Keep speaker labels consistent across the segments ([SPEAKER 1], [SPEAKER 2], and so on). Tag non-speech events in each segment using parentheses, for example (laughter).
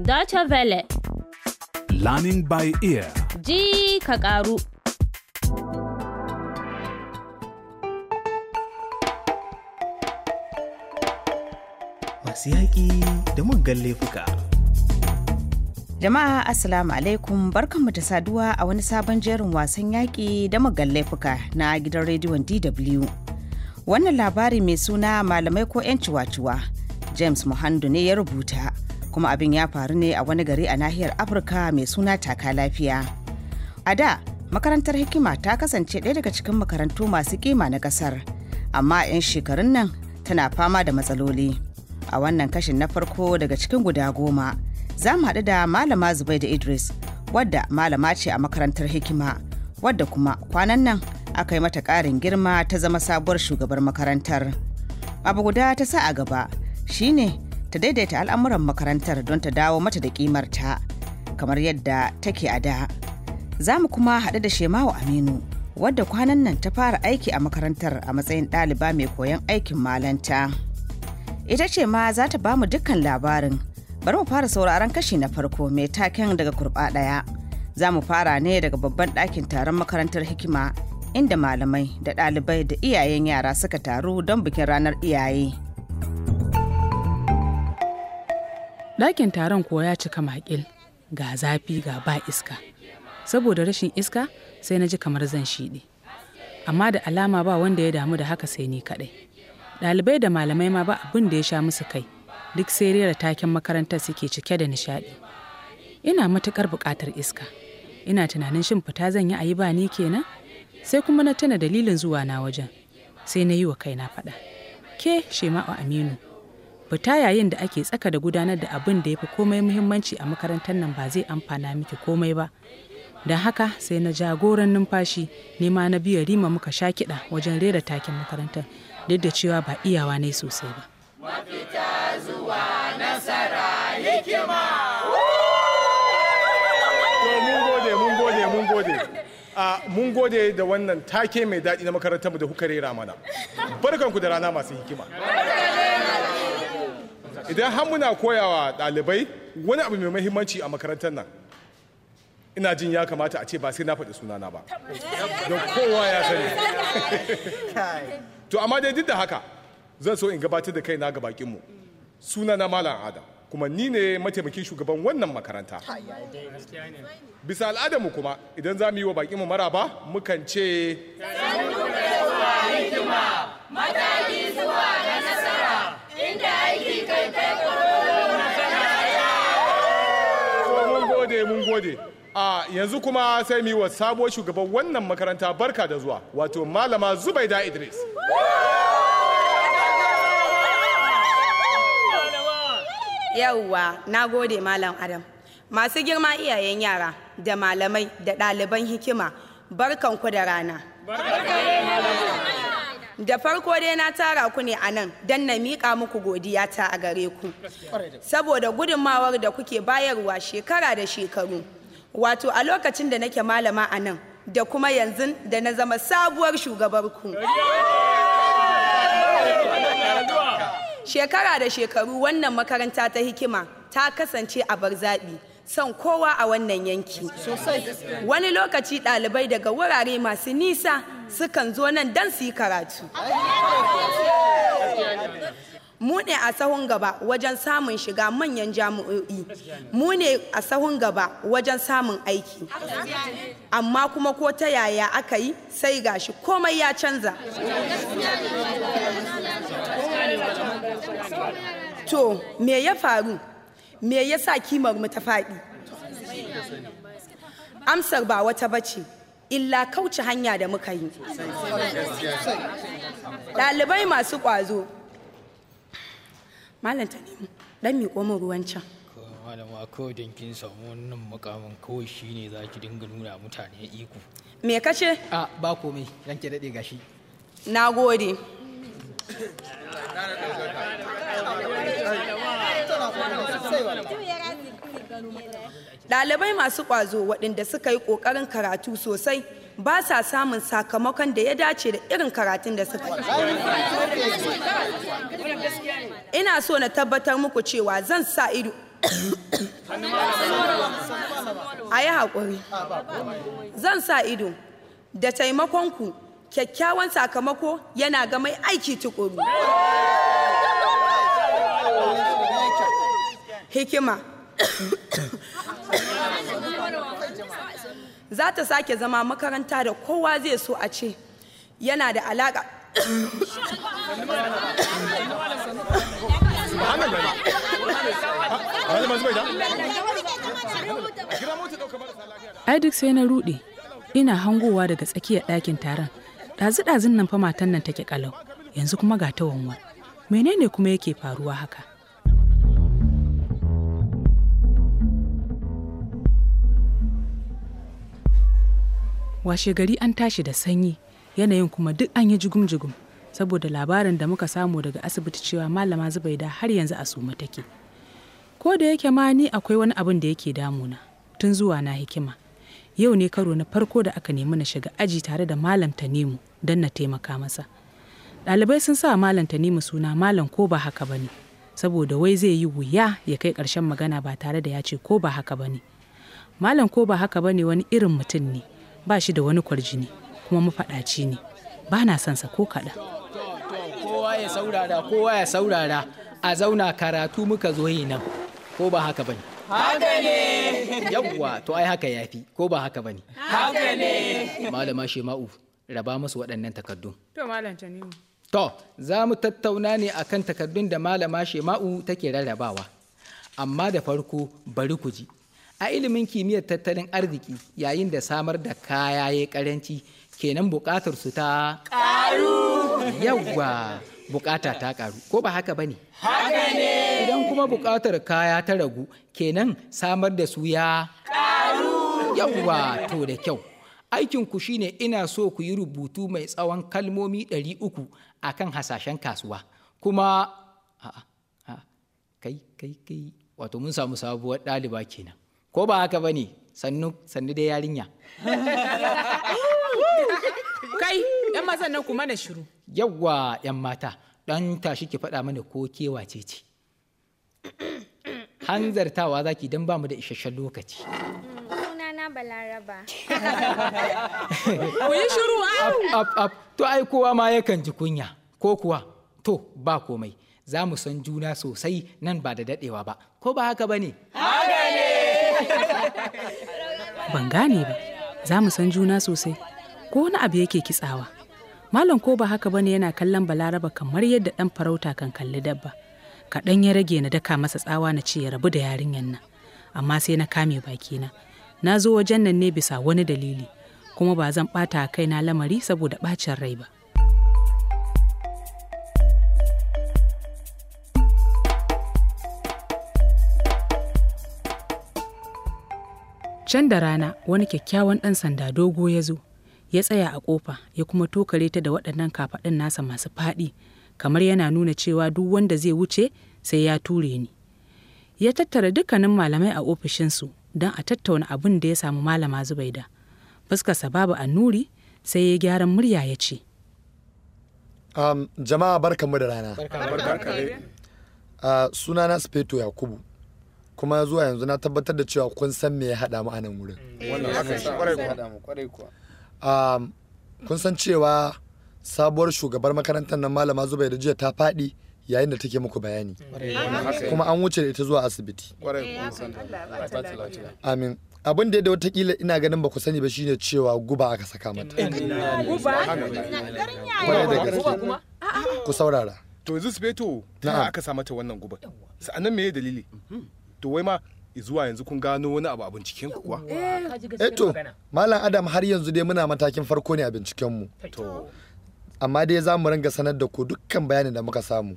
[SPEAKER 1] Deutsche Welle.
[SPEAKER 2] Learning by ear.
[SPEAKER 3] Ji ka karu.
[SPEAKER 4] Masu yaƙi da muggan laifuka.
[SPEAKER 3] Jama'a Assalamu alaikum barkanmu da saduwa a wani sabon jerin wasan yaƙi da muggan laifuka na gidan rediyon DW. Wannan labari mai suna malamai ko 'yan ciwa-ciwa James Muhandu ne ya rubuta. kuma abin ya faru ne a wani gari a nahiyar afirka mai suna taka lafiya a da makarantar hikima ta kasance ɗaya daga cikin makarantu masu kima na ƙasar amma 'yan shekarun nan tana fama da matsaloli a wannan kashin na farko daga cikin guda goma za mu haɗu da malama zubai da idris wadda malama ce a makarantar hikima wadda kuma kwanan nan aka yi mata ƙarin girma ta zama sabuwar shugabar makarantar abu guda ta sa a gaba shine ta daidaita al'amuran makarantar don ta dawo mata da kimarta kamar yadda take a da za mu kuma haɗu da shemawa aminu wadda kwanan nan ta fara aiki a makarantar a matsayin ɗaliba mai koyon aikin malanta ita ce ma za ta ba dukkan labarin bari mu fara sauraron kashi na farko mai taken daga kurba ɗaya za mu fara ne daga babban ɗakin taron makarantar hikima inda malamai da ɗalibai da iyayen yara suka taru don bikin ranar iyaye. ɗakin taron kuwa ya cika makil ga zafi ga ba iska
[SPEAKER 5] saboda rashin iska sai na ji kamar zan shiɗi. amma da alama ba wanda ya damu da haka sai ni kaɗai ɗalibai da malamai ma ba abin da ya sha musu kai duk sai rera taken makarantar suke cike da nishaɗi ina matuƙar buƙatar iska ina tunanin shin fita zan yi a yi ba ni kenan sai kuma na tuna dalilin zuwa na wajen sai na yi wa kai na faɗa ke shema'u aminu fita yayin da ake tsaka da gudanar da abin da ya fi komai muhimmanci a makarantar nan ba zai amfana miki komai ba don haka sai na jagoran numfashi nema na biya rima muka sha kiɗa wajen rera takin makarantar duk da cewa ba iyawa ne sosai ba
[SPEAKER 2] mun gode da wannan take mai daɗi na makarantarmu da kuka rera mana barkanku da rana masu hikima idan har muna koyawa ɗalibai wani abu mai mahimmanci a makarantar nan ina jin ya kamata a ce ba sai na faɗi sunana ba don kowa ya sani to amma dai duk da haka zan so in gabatar da kaina ga bakinmu sunana malam adam kuma ni ne mataimakin shugaban wannan makaranta bisa al'adarmu kuma idan za mu yi wa bakinmu maraba mukan ce mataki zuwa da Eh, mun gode a yanzu kuma sai mu yi wa sabo shugaban wannan makaranta barka da zuwa wato malama zubaida idris
[SPEAKER 1] yawwa na gode malam adam masu girma iyayen yara da malamai da ɗaliban hikima barkanku da rana da farko dai na tara ku ne a nan don na miƙa muku godiya ta a gare ku saboda gudunmawar da kuke bayarwa shekara da shekaru wato a lokacin da nake malama a nan da kuma yanzu da na zama sabuwar shugabar shekara da shekaru wannan makaranta ta hikima ta kasance a bar zaɓi, son kowa a wannan yanki wani lokaci ɗalibai daga wurare masu nisa sukan zo nan don su yi karatu mu ne a sahun gaba wajen samun shiga manyan jami'o'i mu ne a sahun gaba wajen samun aiki amma kuma ko ta yaya aka yi sai gashi komai ya canza to me ya faru me ya sa kimar mu ta faɗi amsar ba wata bace illa kauce hanya da muka yi ɗalibai masu ƙwazo malam ta nemi ɗan miƙo min ruwan can
[SPEAKER 4] a kawai don kin samu wannan mukamin kawai shi ne za ki dinga nuna mutane iko me ka ce a ba komai ranke daɗe gashi na gode
[SPEAKER 1] Ɗalibai masu ƙwazo waɗanda suka yi ƙoƙarin karatu sosai ba sa samun sakamakon da ya dace da irin karatun da suka Ina so na tabbatar muku cewa zan sa ido. A yi haƙuri. Zan sa ido da taimakonku kyakkyawan sakamako yana ga mai aiki tukuru. Hikima. (coughs) za ta sake zama makaranta da kowa zai so a ce yana da alaƙa
[SPEAKER 5] ai duk sai na rude ina hangowa daga tsakiyar ɗakin taron ɗazu-ɗazun nan fa matan nan take kalau yanzu kuma ga ta wanwa menene kuma yake faruwa haka washe gari an tashi da sanyi yanayin kuma duk an yi jigum-jigum saboda labarin da muka samu daga asibiti cewa malama zubaida har yanzu a suma take ko da yake ma ni akwai wani abin da yake damuna tun zuwa na hikima yau ne karo na farko da aka nemi na shiga aji tare da malam tanimu don na taimaka masa ɗalibai sun sa malam tanimu suna malam ko ba haka bane saboda wai zai yi wuya ya kai ƙarshen magana ba tare da ya ce ko ba haka bane malam ko ba haka bane wani irin mutum ne ba shi da wani kwarjini kuma mafaɗaci ne ba na son sa ko kaɗan.
[SPEAKER 4] kowa ya saurara kowa ya saurara a zauna karatu muka zo yi nan ko ba haka bane
[SPEAKER 1] haka
[SPEAKER 5] ne yawwa
[SPEAKER 4] to ai haka yafi ko ba haka bane
[SPEAKER 5] haka ne
[SPEAKER 4] malama shema'u raba musu waɗannan takardun
[SPEAKER 5] to malam tanimu
[SPEAKER 4] to za mu tattauna ne akan takardun da malama shema'u take rarrabawa amma da farko bari ku ji a ilimin kimiyyar tattalin arziki yayin da samar da kaya ya karanci kenan bukatar su ta
[SPEAKER 5] karu
[SPEAKER 4] yawwa bukata ta karu ko ba haka bane haka
[SPEAKER 2] ne idan
[SPEAKER 4] kuma bukatar kaya ta ragu kenan samar da su ya karu yawwa to da kyau aikin ku shine ina so ku yi rubutu mai tsawon kalmomi 300 akan hasashen kasuwa kuma a'a kai kai kai wato mun samu sabuwar ɗaliba kenan ko ba haka ba sannu sannu yarinya kai yan mazan nan kuma na shiru yawwa yan mata dan tashi ki faɗa mana ko kewa ce ce hanzartawa zaki don ba mu da isasshen lokaci
[SPEAKER 3] sunana balaraba
[SPEAKER 5] ku
[SPEAKER 4] yi shiru to ai kowa ma yakan ji kunya ko kuwa to ba komai za mu san juna sosai nan ba da daɗewa ba ko ba haka ba ne haka ne Ban gane ba,
[SPEAKER 5] za mu san juna sosai, ko wani abu yake kitsawa. Malam ko ba haka bane yana kallon balaraba kamar yadda dan farauta kan kalli dabba. Kaɗan ya rage na daka masa tsawa na ce ya rabu da yarinyan nan, amma sai na kame bakina. Na zo wajen nan ne bisa wani dalili, kuma ba zan ɓata kaina lamari saboda ɓacin rai ba. Can da rana wani kyakkyawan ɗan sanda dogo ya zo, ya tsaya a ƙofa ya kuma tokare ta da waɗannan kafaɗin nasa masu faɗi, kamar yana nuna cewa duk wanda zai wuce sai ya ture ni. Ya tattara dukkanin malamai a ofishinsu don a tattauna abin da ya samu malama Zubaida. Fuskarsa babu annuri sai ya gyaran murya ya ce.
[SPEAKER 6] jama'a barkanmu da rana. Ah, sunana Sufeto Yakubu. kuma zuwa yanzu na tabbatar da cewa kun san me ya haɗa mu a nan wurin eh, kun san cewa sabuwar shugabar makarantar nan malama da jiya ta faɗi yayin da take muku bayani eh, kuma an wuce da ita zuwa asibiti
[SPEAKER 2] eh,
[SPEAKER 6] amin abin da ya da watakila ina ganin ba ku sani ba shine cewa guba aka saka mata
[SPEAKER 2] ku saurara to yanzu su beto ta aka sa mata wannan guba sa'annan me dalili to wai ma zuwa yanzu kun gano wani abu a binciken ku kuwa
[SPEAKER 6] eto eh, malam adam har yanzu dai muna matakin farko ne a binciken mu to amma dai za mu ringa sanar da ku dukkan bayanin da muka samu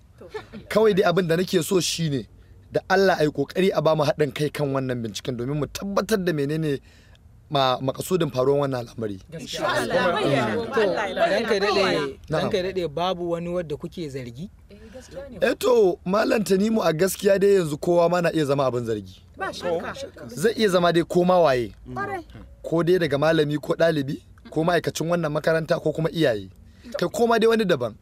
[SPEAKER 6] kawai dai abin da nake so shine da Allah ai kokari a bamu haɗin kai kan wannan binciken domin mu tabbatar da menene ma makasudin faruwar wannan al'amari. Gaskiya. Dan kai
[SPEAKER 4] dade babu wani wanda kuke zargi.
[SPEAKER 6] eto eh malam tanimu a gaskiya dai yanzu kowa mana iya zama abin zargi zai iya zama dai koma waye ko dai daga malami ko ɗalibi ko ma'aikacin wannan makaranta ko kuma iyaye kai koma dai wani daban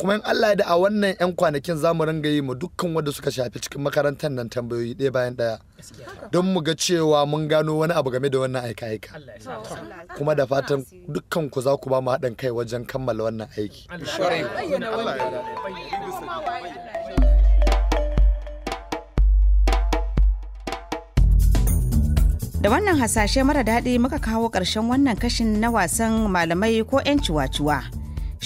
[SPEAKER 6] kuma in Allah da a wannan 'yan kwanakin za mu ringa yi mu dukkan wanda suka shafi cikin makarantar nan tambayoyi ɗaya bayan ɗaya don mu ga cewa mun gano wani abu game da wannan aika-aika kuma da fatan dukkan ku za ku ba mu haɗin kai wajen kammala wannan aiki
[SPEAKER 3] Da wannan hasashe mara daɗi muka kawo ƙarshen wannan kashin na wasan malamai ko 'yan ciwa-ciwa.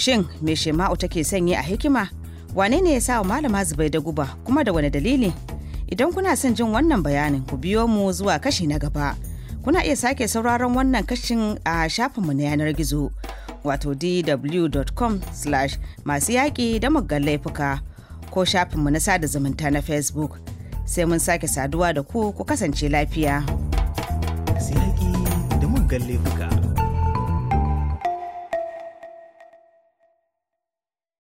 [SPEAKER 3] Shin me Shema'u take sanye a hikima? Wane ne ya sa wa malama zubai da guba kuma da wani dalili? Idan kuna son jin wannan bayanin ku biyo mu zuwa kashi na gaba. Kuna iya sake sauraron wannan kashin a shafinmu na yanar gizo wato dw.com slash masu yaƙi da muggan laifuka ko shafinmu na sada zumunta na Facebook. Sai mun sake saduwa da ku ku kasance lafiya.
[SPEAKER 4] Masu yaƙi
[SPEAKER 2] da muggan laifuka.